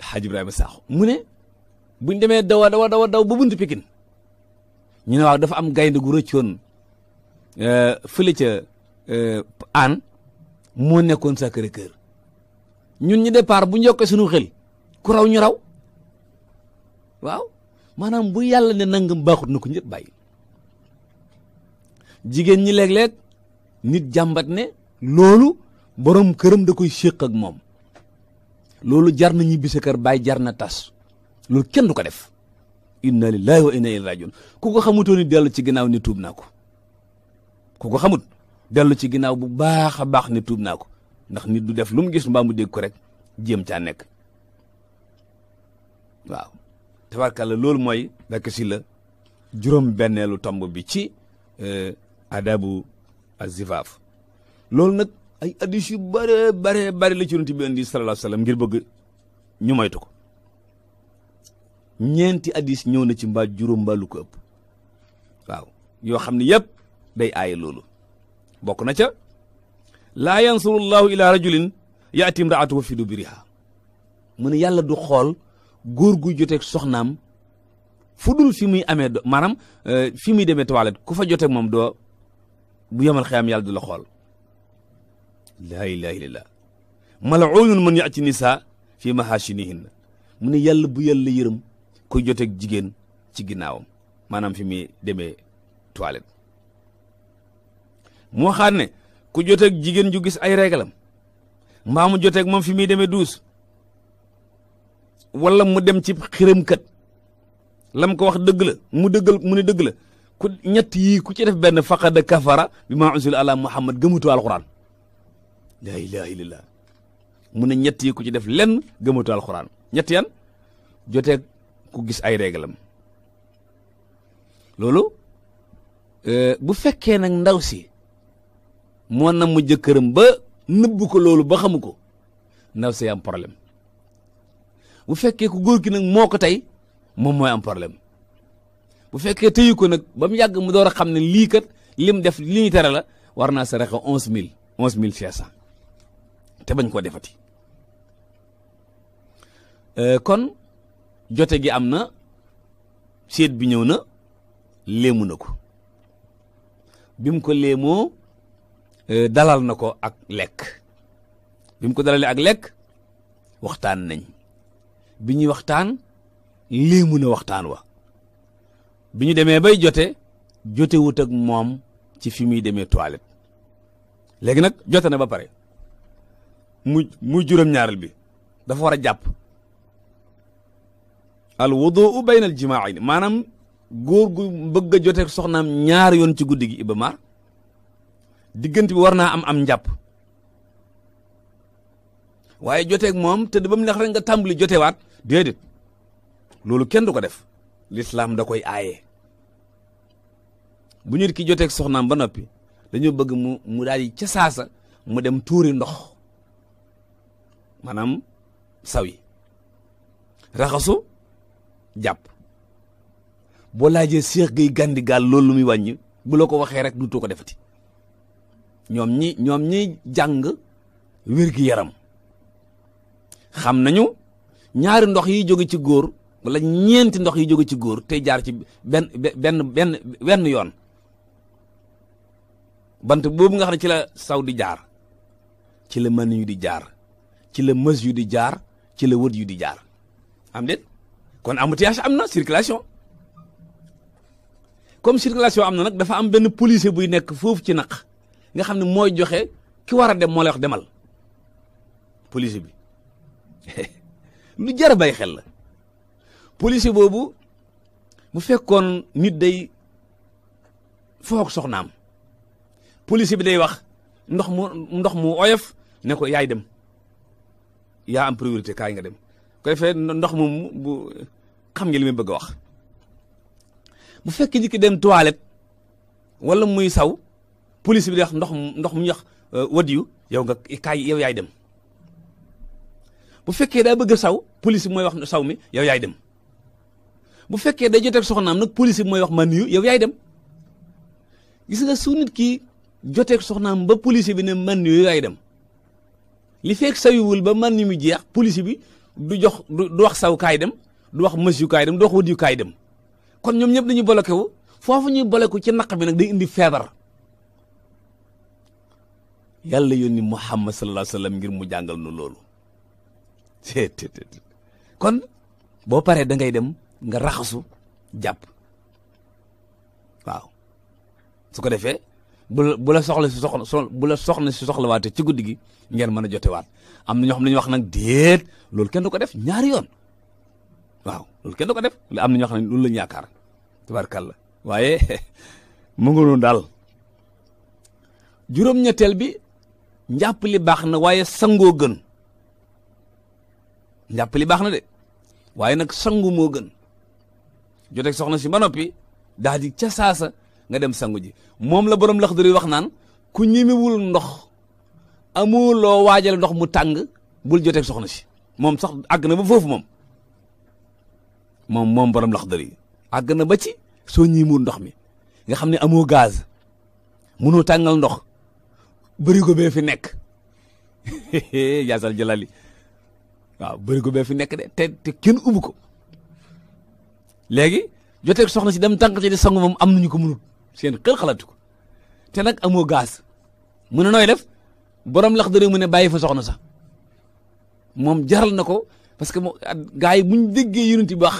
Hadj a Sakho mu ne buñ demee dawa dawa dawa daw ba bunt pikin ñu ne waaw dafa am gaynde gu rëccoon euh, fële ca aan euh, moo nekkoon sa cœur ñun ñu départ bu ñu yokkee suñu xel ku raw ñu raw waaw maanaam bu yàlla ne nangam baaxut na ko ñëpp bàyyi jigéen ñi léeg-léeg nit jàmbat ne loolu boroom këram da koy séq ak moom loolu jar na ñibbi sa kër bàyyi jar na tas loolu kenn du ko def inna lillahi wa inna ilayhi rajiun ku ko xamutoo ni dellu ci ginnaaw ni tuub naa ko ku ko xamut dellu ci ginnaaw bu baax a baax ne tuub naa ko ndax nit du def lu mu gis mbaa mu dégg ko rek jéem caa nekk waaw tabarkàlla loolu mooy rekk si la juróom benneelu tomb bi ci euh, adabu azifaaf loolu nag ay addis yu bare bare bare la ci yonent bi indi sallallahu alayhi wa ngir bëgg ñu moytu ko ñeenti addis ñëw na ci mbaa juróom mbaa lu ko ëpp waaw yoo xam ni yëpp day aaye loolu bokk na ca laa yansurullahu ila rajulin yaati imraatuhu fi duburiha mu ne yàlla du xool góor gu joteeg soxnaam fu dul fi muy amee maanaam euh, fi muy demee toilette ku fa joteeg moom doo bu yemal xiyam yàlla du la xool laa ilaaha illallaah mal'uunun man ya'ti nisaa fi mahaashinihinna mu ne yàlla bu yàlla yërëm ku joteeg jigéen ci ginnaawam maanaam fi muy demee toilette moo xam ne ku joteeg jigéen ju gis ay régalam mbaa mu joteeg moom fi muy demee douche wala mu dem ci xiramkat lam ko wax dëgg la mu dëggal mu ne dëgg la ku ñett yii ku ci def benn faqada kafara bi ma unzila alaa muhammad gëmatu alquran la ilaha illallah mu ne ñett yi ku ci def lenn gëmatu alquran ñett yan jotee ku gis ay réglam loolu euh, bu fekkee nag ndaw si moo na mu jëkkëram ba nëbb ko loolu ba xamu ko ndaw si am problème bu fekkee ku góor ki nag moo ko tey moom mooy am problème bu fekkee tëyu ko nag ba mu yàgg mu door a xam ne lii kat lim def li ñu tere la war naa sa rexe ons mille onze mille cinq cent te bañ koo defati euh, kon jote gi am na seet bi ñëw na léemu na ko bi mu ko léemoo euh, dalal na ko ak lekk bi mu ko dalalee ak lekk waxtaan nañ bi ñuy waxtaan lii mun waxtaan wa bi ñu demee bay jote jote wut ak moom ci fi muy demee toilette léegi nag jote na ba pare mu mu juróom-ñaaral bi dafa war a jàpp al wuduu bayna al jimaain maanaam góor gu bëgg a jote soxnaam ñaar yoon ci guddi gi Iba diggante bi war naa am am njàpp waaye joteeg moom te ba mu neex rek nga tàmbali waat déedéet loolu kenn du ko def lislaam da koy aaye bu ñu ki joteeg soxnaam ba noppi dañoo bëgg mu mu daal di ca mu dem tuuri ndox maanaam saw yi raxasu jàpp boo laajee seex gay gàndigaal loolu lu muy wàññi bu la ko waxee rek dutu ko defati ñoom ñi ñoom ñiy jàng wér gi yaram xam nañu ñaari ndox yi jóge ci góor walla ñeenti ndox yi jóge ci góor tey jaar ci benn benn benn wenn yoon bant boobu nga xam ne ci la saw di jaar ci la mën yu di jaar ci la mës yu di jaar ci la wët yu di jaar am déet kon embouteillage am na circulation comme circulation am na nag dafa am benn policier buy nekk foofu ci naq nga xam ne mooy joxe ki war a dem moo lay wax demal policier bi lu jar a xel la policier boobu bu fekkoon nit day foog soxnaam policier bi day wax ndox mu ndox mu oyof ne ko yaay dem yaa am priorité kaay nga dem koy fee ndox mu bu xam nga li bëgg a wax bu fekkee nit ki dem toilette wala muy saw police bi di wax ndox mu ndox mu ñuy euh, wax yow nga kaay yow yaay dem bu fekkee daa bëgg saw police bi mooy wax saw mi yow yaay dem bu fekkee day joteeg soxnaam nag police bi mooy wax man yu yow yaay dem gis nga su nit ki joteeg soxnaam ba police bi ne man yu yaay dem li fekk sawiwul ba man yu mu jeex police bi du jox du wax saw kaay dem du wax mës kaay dem du wax wët kaay dem kon ñoom ñëpp dañuy bloqué wu foofu ñuy bloqué ci naq bi nag day indi feebar yàlla yónni Muhammad sallallahu alayhi wa ngir mu jàngal nu loolu kon boo paree da ngay dem nga raxasu jàpp waaw su ko defee bu bu la soxla si soxla bu la soxla si soxlawaatee ci guddi gi ngeen mën a jotewaat am na ñoo xam ne ñu wax nag déet loolu kenn du ko def ñaari yoon waaw loolu kenn du ko def am na ñoo xam ne loolu lañu yaakaar tabarkàlla waaye mu ngi noonu daal juróom-ñetteel bi njàpp li baax na waaye sangoo gën. njàpp li baax na de waaye nag sangu moo gën joteeg soxna si ba noppi daal di ca saasa nga dem sangu ji moom la borom lax duri wax naan ku ñimiwul ndox amuloo waajale ndox mu tàng bul joteeg soxna si moom sax àgg na ba foofu moom moom moom borom lax duri àgg na ba ci soo ñiimul ndox mi nga xam ni amoo gaz mënoo tàngal ndox bërigo bee fi nekk yaasal jalali waaw bërigo bee fi nekk de te te kenn ubbu ko léegi joteeg soxna si dem tànk ci di sangu moom am nañu ko mënut seen xel xalaatu ko te nag amoo gaas mu ne nooy def borom lax dëre mu ne bàyyi fa soxna sax moom jaral na ko parce que moom gaa yi buñ déggee yonent bi wax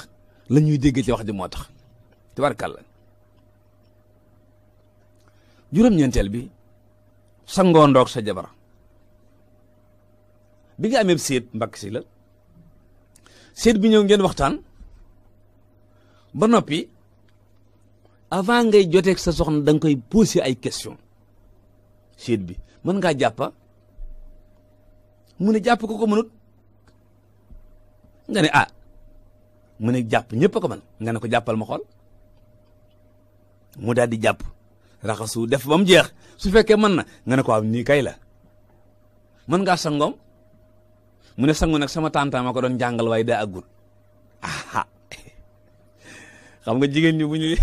la ñuy déggee ci wax moo tax tabarkàlla juróom-ñeenteel bi sangoo ndoog sa jabar bi nga amee séet mbakk si la séet bi ñëw ngeen waxtaan ba noppi avant ngay joteek sa soxna da nga koy posé ay question séet bi mën ngaa jàppa mu ne jàpp ko ko mënut nga ne ah mu ne jàpp ñëpp ko mën nga ne ko jàppal ma xol mu daal di jàpp raxasu def ba mu jeex su fekkee mën na nga ne ko am nii kay la mën ngaa sangoom mu ne sangu nag sama tàntaam ma ko doon jàngal waaye daa àggul xam nga jigéen ñi bu ñu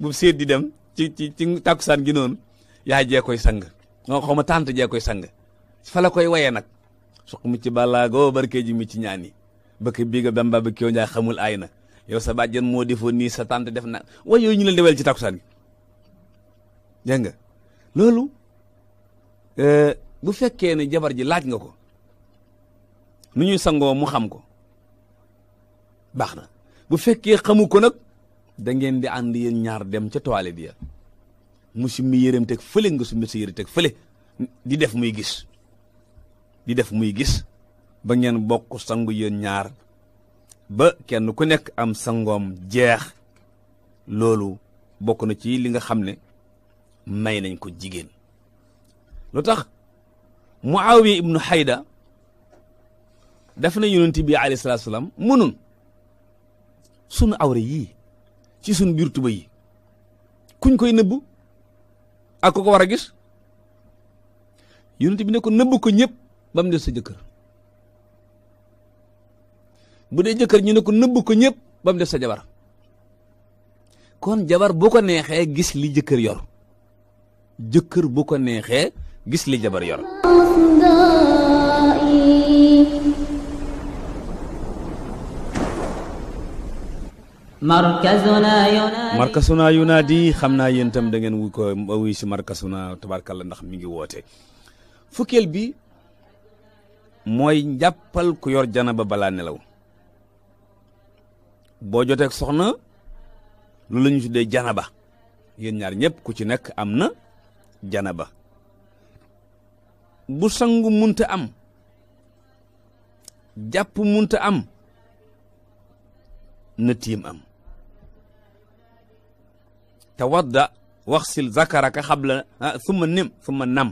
bu seet di dem ci ci ci tàkkusaan gi noonu yaa jee koy sang nga xaw ma tànt jee koy sang fa la koy waye nag suq mi ci ballaago barke ji mi ci ñaan yi bëkk bii ga bamba ba xamul aay na yow sa bàjjen moo defoon nii sa tànt def na way yooyu ñu leen dewel ci tàkkusaan gi dégg nga loolu euh, bu fekkee ne jabar ji laaj nga ko nu ñuy sangoo mu xam ko baax na bu fekkee xamu ko nag dangeen di ànd yéen ñaar dem ca toilette ya mu summi yéreem teg fële nga summi sa yére teg fële di def muy gis di def muy gis ba ngeen bokk sangu yéen ñaar ba kenn ku nekk am sangoom jeex loolu bokk na ci li nga xam ne may nañ ko jigéen lu tax Muawiya ibnu Hayda daf na yonent bi alayhi salaatu salaam mënun sunu awre yii ci sunu biir tuba yi kuñ koy nëbbu ak ku ko war a gis yonent bi ne ko nëbb ko ñépp ba mu des sa jëkkër bu dee jëkkër ñu ne ko nëbb ko ñëpp ba mu des sa jabar kon jabar bu ko neexee gis li jëkkër yor jëkkër bu ko neexee gis li jabar yor markazuna yunaadi markazuna xam naa yéen itam da ngeen wu ko wuy si markazuna tabarkalla ndax mi ngi woote fukkeel bi mooy njàppal ku yor janaba balaa nelaw boo joteeg soxna lu la ñu tuddee janaba yéen ñaar ñépp ku ci nekk am na janaba bu sangu munta am jàpp munta am na tiim am tawadda waxsil zakaraka xabla summa ah, nim summa nam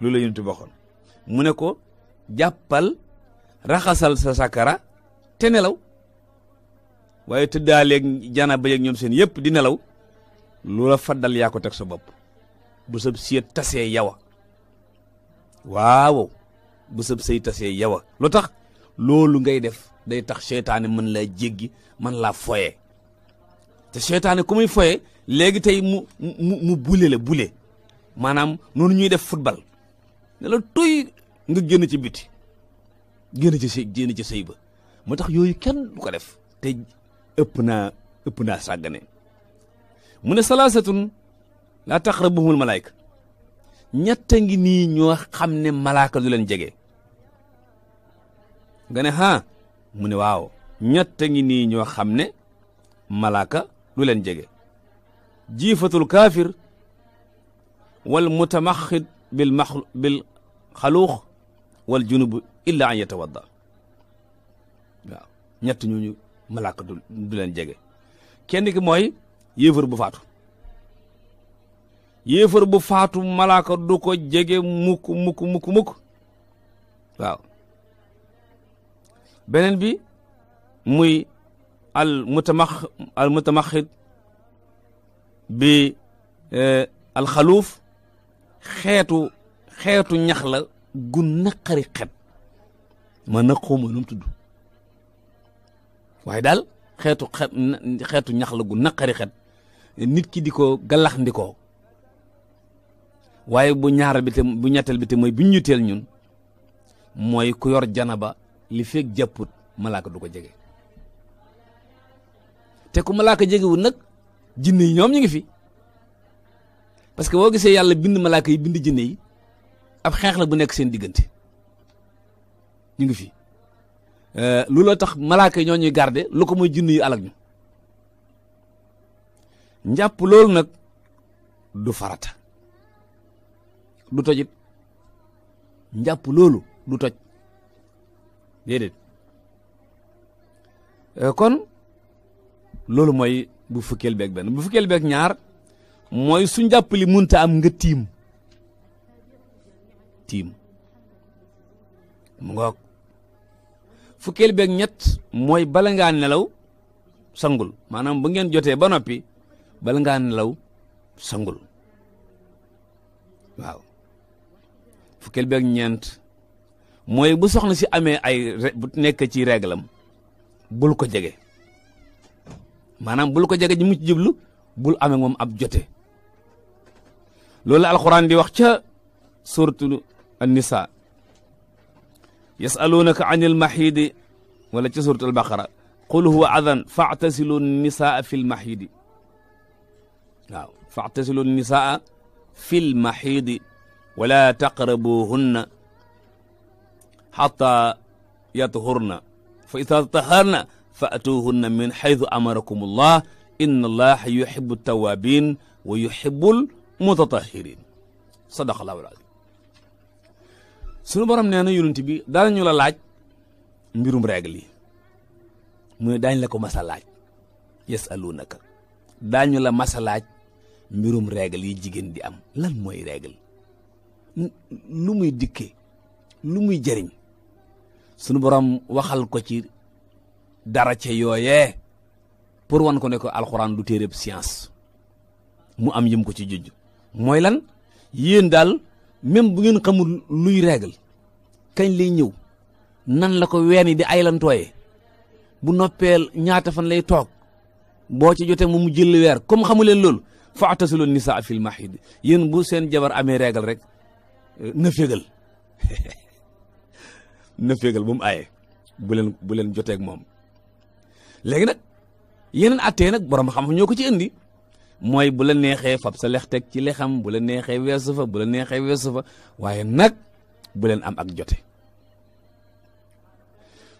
loolu la yuntu baxoon mu ne ko jàppal raxasal sa sakara te nelaw waaye tëddaaleeg jana ba yeeg ñoom seen yëpp di nelaw la faddal yaa ko teg sa bopp bu sab siet tasee yawa waawo bu sab sëy tasee yawa lu tax loolu ngay def day tax seytaane mën laa jéggi man laa foye te seytaane ku muy foye léegi tey mu mu mu bule la bule maanaam noonu ñuy def football ne la nga génn ci biti génn ci sëy génn ci sëy moo tax yooyu kenn du ko def te ëpp na ëpp naa sàggane mu ne salaasatun laa taqrabuhumul malaayka ñett ngi nii ñoo xam ne malaaka du jege nga ne ah mu ne waaw ngi nii ñoo xam ne malaaka du leen jege jiifatul kaafir wal mutamaxid bil max bil xaluux wal junub illa an yatawadda waaw ñett ñooñu malaaka du leen jege kenn ki mooy yéefar bu faatu yéefar bu faatu malaaka du ko jege mukk mukk mukk waaw beneen bi muy al mutamax al mutamaxid bi eh, alxaluuf xeetu xeetu ñax la gu naqari xet ma naqoo tudd waaye daal xeetu ñax la gu naqari xet nit ki di ko galax ndikoo waaye bu ñaar bi te bu ñetteel bi te mooy bu ñu ñun mooy ku yor janaba li fekk jàpput malaaka du ko jege te ku malaaka jegewul nag jinne yi ñoom ñu ngi fi parce que boo gisee yàlla bind malaaka yi bind jinne yi ab xeex la bu nekk seen diggante ñu ngi fi euh, lu la tax malaaka yi ñoo ñuy garde lu ko mooy jinne yu alag ñu njàpp loolu nag du farata du tojit njàpp loolu du toj déedéet euh, kon loolu mooy bu fukkeel beeg benn bu fukkeel beeg ñaar mooy su njàppali munta am nga tiim tiim mu ngoog fukkeel beeg ñett mooy bala ngaa nelaw sangul maanaam bu ngeen jotee ba noppi bala ngaa nelaw sangul waaw fukkeel beeg ñeent mooy bu soxna si amee ay bu nekk ci réglam bul ko jege maanaam bul ko jege ji mu ci jublu bul amee moom ab jote loolu la alxuraan di wax ca suratu annisa yasaluunaka an il maxiidi wala ca suratu albaqara qul huwa adan faatasilu nisaa fi lmaxiidi waaw faatasilu nisaa fi lmaxiidi wala taqrabuhunna xata yathurna fa ida taharna faatuhunna min xaytu amarakum allah inna allaha yuhibu tawabin wa yuhibul mutatahirin sadaqa allahu alazim sunu borom nee na yonent bi danañu la laaj mbirum règle yi mu ne daañu la ko mas a laaj yasalunaka daañu la mas a laaj mbirum règle yi jigéen di am lan mooy règle lu muy dikkee lu muy jëriñ sunu borom waxal ko ci dara ce yooyee pour wan ko ne ko alxuraan du téereb science mu am yëm ko ci juj mooy lan yéen daal même bu ngeen xamul luy règle kañ lay ñëw nan la ko ween yi di aylantooye bu noppeel ñaata fan lay toog boo ci jotee mu mu jël weer comme xamu leen loolu fa'tasilu nisaa fil mahid yéen bu seen jabar amee régal rek na fégal na fégal bu mu joteeg moom léegi nag yeneen attee nag borom xam ñoo ko ci indi mooy bu la neexee fab sa lex teg ci lexam bu neexee weesu fa bu la neexee weesu fa waaye nag bu leen am ak jote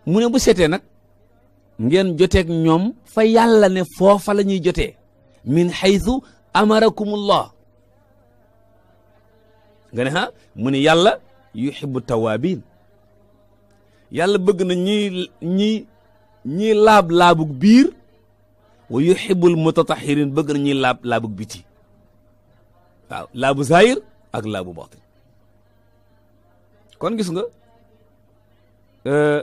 mu ne bu seetee nag ngeen joteeg ñoom fa yàlla ne foofa la ñuy jotee min xaytu amarakumullah nga ne ha mu ne yàlla yuhibbu tawabin yàlla bëgg na ñi ñii laab laabug biir wa yuhibbul mutatahhirin bëgg na ñuy laab laabug biti waaw laabu zahir ak laabu batin kon gis nga euh,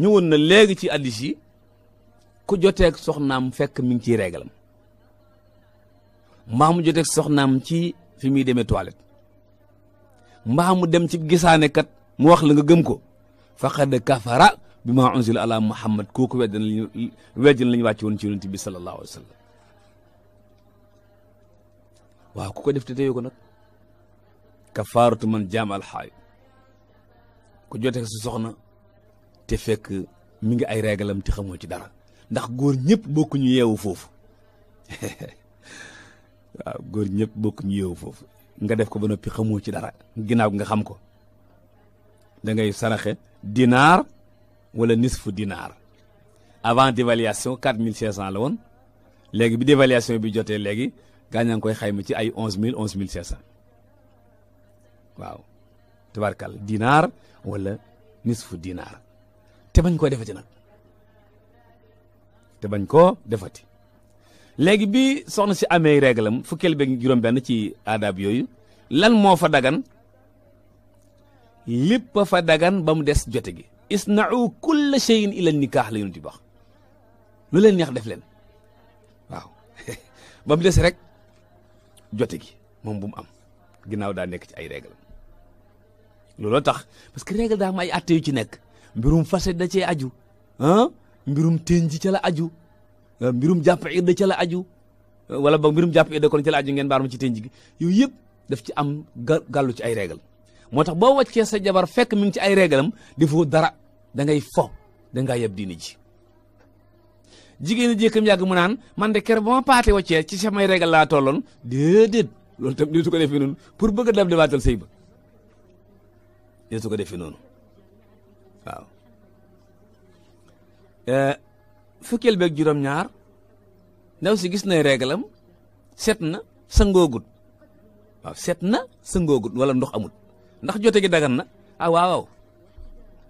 ñëwoon na léegi ci addis yi ku joteeg soxnaam fekk mi ngi ciy régalam mbaa mu joteeg soxnaam ci fi muy demee toilette mbaa mu dem ci gisaanekat mu wax la nga gëm ko faqad kafara bi maa unzila ala muhammad kooku weddi na li ñu weddi na li ñu wàcce woon ci yonent bi sallallahu alayhi wa sallam waaw ku ko def te teyoo ko nag kafaaratu man jaam alxaay ku jote sa soxna te fekk mu ngi ay régalam te xamoo ci dara ndax góor ñëpp bokkuñu yeewu foofu góor ñëpp bokkuñu yeewu foofu nga def ko ba noppi xamoo ci dara ginnaaw nga xam ko da saraxe dinaar wala nisfu dinaar avant dévaluation 4500 la woon léegi bi dévaluation bi jotee léegi gaañaa ngi koy xayma ci ay 11000 11500 waaw tubaarkal dinaar wala nisfu dinaar te bañ koo defati nag te bañ koo defati léegi bi soxna si amee réglam fukkeel beeg juróom-benn ci aadaab yooyu lan moo fa dagan lépp fa dagan ba mu des jote gi. isnau kulla cheyin ila nikaax la yonent bi wax lu leen neex def leen waaw ba mu des rek jote gi moom bu mu am ginnaaw daa nekk ci ay règle looloo tax parce que règle daa am ay atte yu ci nekk mbirum faset da cee aju ah mbirum teen ji ca la aju ah mbirum jàpp idda ca la aju wala ba mbirum jàpp idda kon ca la aju ngeen baar ma ci teen ji gi yooyu yëpp daf ci am gàllu ci ay règle moo tax boo wàccee sa jabar fekk mi ngi ci ay régalam defoo dara dangay ngay fo da ngaa yab diine ji jigéen ñi jékkam yàgg mu naan man de ker ba ma paate wàccee ci samay régal laa tolloon déedéet loolu tam di su ko defee noonu pour bëgg a dab dabaatal sëy su ko defee noonu waaw eh, fukkeel beeg juróom-ñaar ndaw si gis nay régalam set na sa ngoogut waaw set na sa ngoogut wala ndox amut ndax jote gi dagan na ah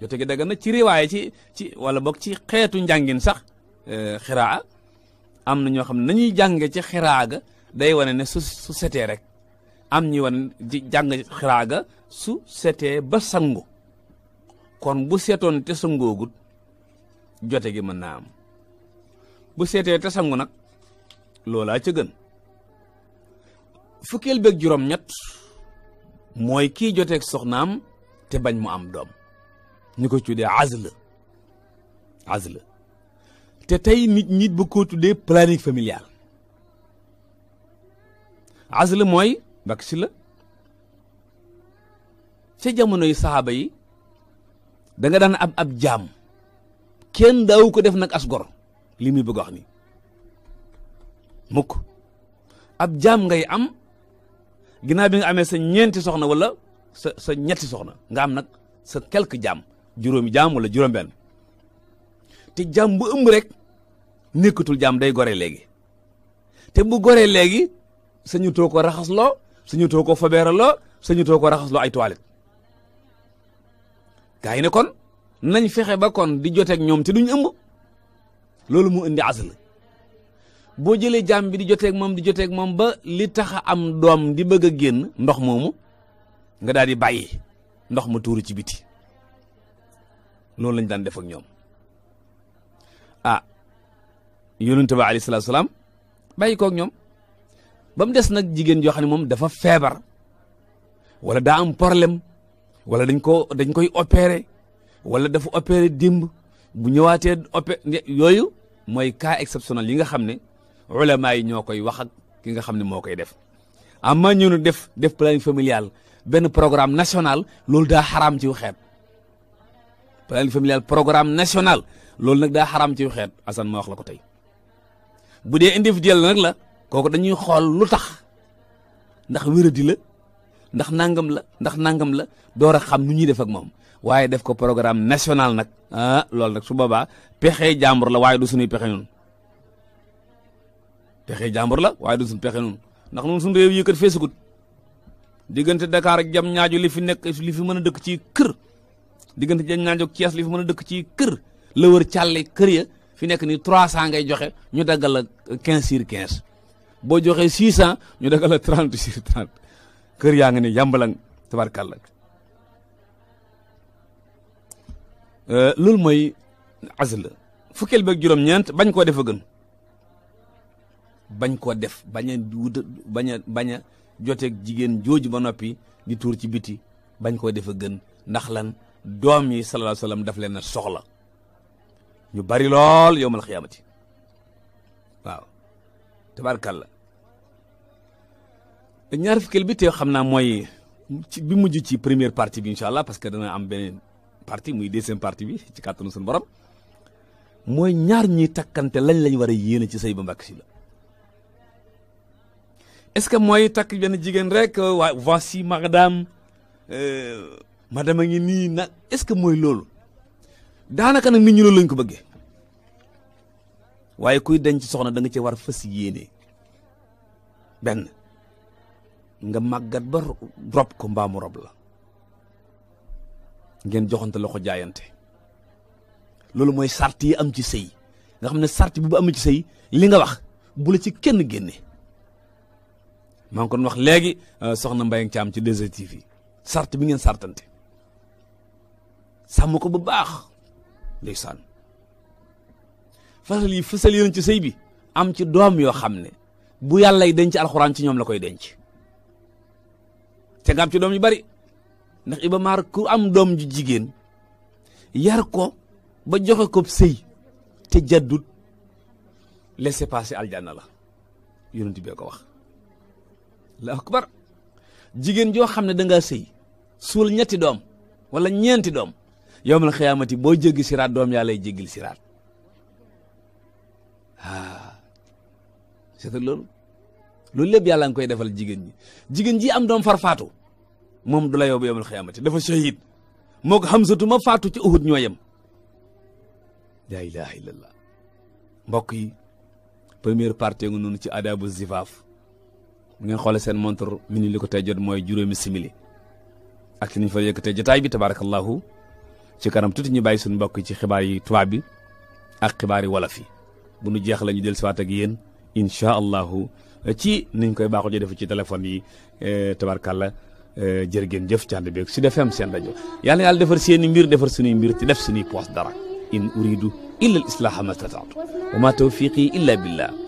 jote gi dagan na ci riwaaye ci ci wala boog ci xeetu njàngin sax eh, xiraa am na ñoo xam ne nañuy jàng ci xiraa ga day wane ne su setee rek am ñi wane di jàng xiraa ga su setee ba sangu kon bu seetoon te sangoogut jote gi mën naa am bu seetee te sangu nag loolaa ca gën fukkeel beeg juróom-ñett. mooy kii joteeg soxnaam te bañ mu am doom ñu ko tuddee azl azl te tey nit nit bu ko tuddee planning familial azl mooy bak sila la ca jamonoy saxaaba yi da nga daan ab ab jaam kenn daawu ko def nag as gor li muy bëgg wax ni mukk ab jaam ngay am ginaar bi nga amee sa ñeenti soxna wala sa sa ñetti soxna nga am nag sa quelque jaam juróomi jaam wala juróom-benn te jaam bu ëmb rek nekkatul jaam day gore léegi te bu goree léegi sañu too ko raxasloo sañu too ko fabeeraloo sañu too ko raxasloo ay toilette gaa yi ne kon nañ fexe ba kon di joteek ñoom te duñ ëmb loolu mu indi asal boo jëlee jaam bi di joteeg moom di joteeg moom ba li tax a am doom di bëgg a génn ndox moomu nga daal di bàyyi ndox mu tuuru ci biti loolu lañ daan def ak ñoom ah yonente ba alayhi salaatu salaam bàyyi ñoom ba mu des nag jigéen joo xam ne moom dafa feebar wala daa am problème wala dañ ko dañ koy opéré wala dafa opéré dimb bu ñëwaatee opé yooyu mooy ka exceptionnel yi nga xam ne ulama yi ñoo koy wax ak ki nga xam ne moo koy def amma ñu ne def def planning familial benn programme national loolu daa xaraam ci xeet planning programme national loolu nag daa xaraam ci xeet Assane ma wax la ko tey bu dee individuel rek la kooku dañuy xool lu tax ndax wéradi la ndax nangam la ndax nangam la door a xam nu ñuy def ak moom waaye def ko programme national nag ah loolu nag su boobaa pexe jàmbur la waaye du suñuy pexe ñun. pexe jàmbur la waaye du suñ pexe noonu ndax noonu suñ réew yi kat feesagut diggante dakaar ak jam ñaajo li fi nekk li fi mën a dëkk ci kër diggante jam ñaajo ak Thiès li fi mën a dëkk ci kër la wër calle kër ya fi nekk nii trois cent ngay joxe ñu daggal la quinze sur quinze boo joxe six cent ñu daggal la trente sur trente kër yaa ngi ne yàmbalang tabarkàlla euh, loolu mooy azl fukkeel beeg juróom-ñeent bañ koo def a gën bañ koo def bañ a wut bañ a bañ a joteeg jigéen jooju ba noppi di tuur ci biti bañ koo def gën ndax lan doom yi sallallahu alayhi wasallam daf leen na soxla ñu bari lool yowmal xiyaamati waaw tabaarkalla ñaar fikkeel bi te xam naa mooy ci bi mujj ci première parti bi incha allah parce que dana am beneen partie muy deuxième parti bi ci kàttanu suñu borom mooy ñaar ñuy takkante lañ lañ war a yéene ci sëy ba mbàkk si la est-ce que mooy takk benn jigéen rek euh, waa voici madame euh, madame a ngi nii nag est-ce que mooy loolu daanaka nag nit ñi loolu lañ ko bëggee waaye kuy ci soxna da nga ci war fa si yéene benn nga màggat ba rob ko mbaamu rob la ngeen joxante loxo jaayante loolu mooy sart yi am ci sëy nga xam ne sart bi bu amee ci sëy li nga wax bu la ci kenn génne maa kon wax léegi euh, soxna Mbayang Thiam ci 2STV yi sart bi ngeen sartante sàmm ko bu baax ndeysaan fasal yi fasal yéen ci sëy bi am ci doom yoo xam ne bu yàlla yi denc alxuraan ci ñoom la koy denc te nga am ci doom yu bari ndax Iba Maar ku am doom ju jigéen yar ko ba joxe ko sëy te jaddut laissez passer aljanna la yonent bee ko wax la akbar jigéen joo xam ne da ngaa sëy ñetti doom wala ñeenti doom yowmal xiyaamati boo jéggi siraat doom yaa lay jéggil siraat ah c'est loolu loolu lépp yàlla nga koy defal jigéen ñi jigéen ji am doom far faatu moom du la yóbbu yowmal xiyaamati dafa shahid moo ko xamsatu ma faatu ci uhud ñoo yem laa ilaha illallah mbokk yi première partie nga noonu ci adabu zifaaf bu ngeen xoolee seen montre minute li ko tey jot mooy juróomi simili ak li ñu fa yëkkatee jotaay bi tabarakallahu ci kanam tuuti ñu bàyyi suñu mbokk ci xibaar yi tubaab bi ak xibaar yi wolof yi bu nu jeex la ñu del siwaat ak yéen incha allahu ci niñ koy baaxoo ji def ci téléphone yi eh, tabarkalla eh, jërë ngeen jëf ci ànd beeg Sud FM seen rajo yàlla yàlla defar seeni mbir defar suñuy mbir ci def suñuy poos dara in uridu illa al islaha ma stataatu wa ma tawfiqi illa billah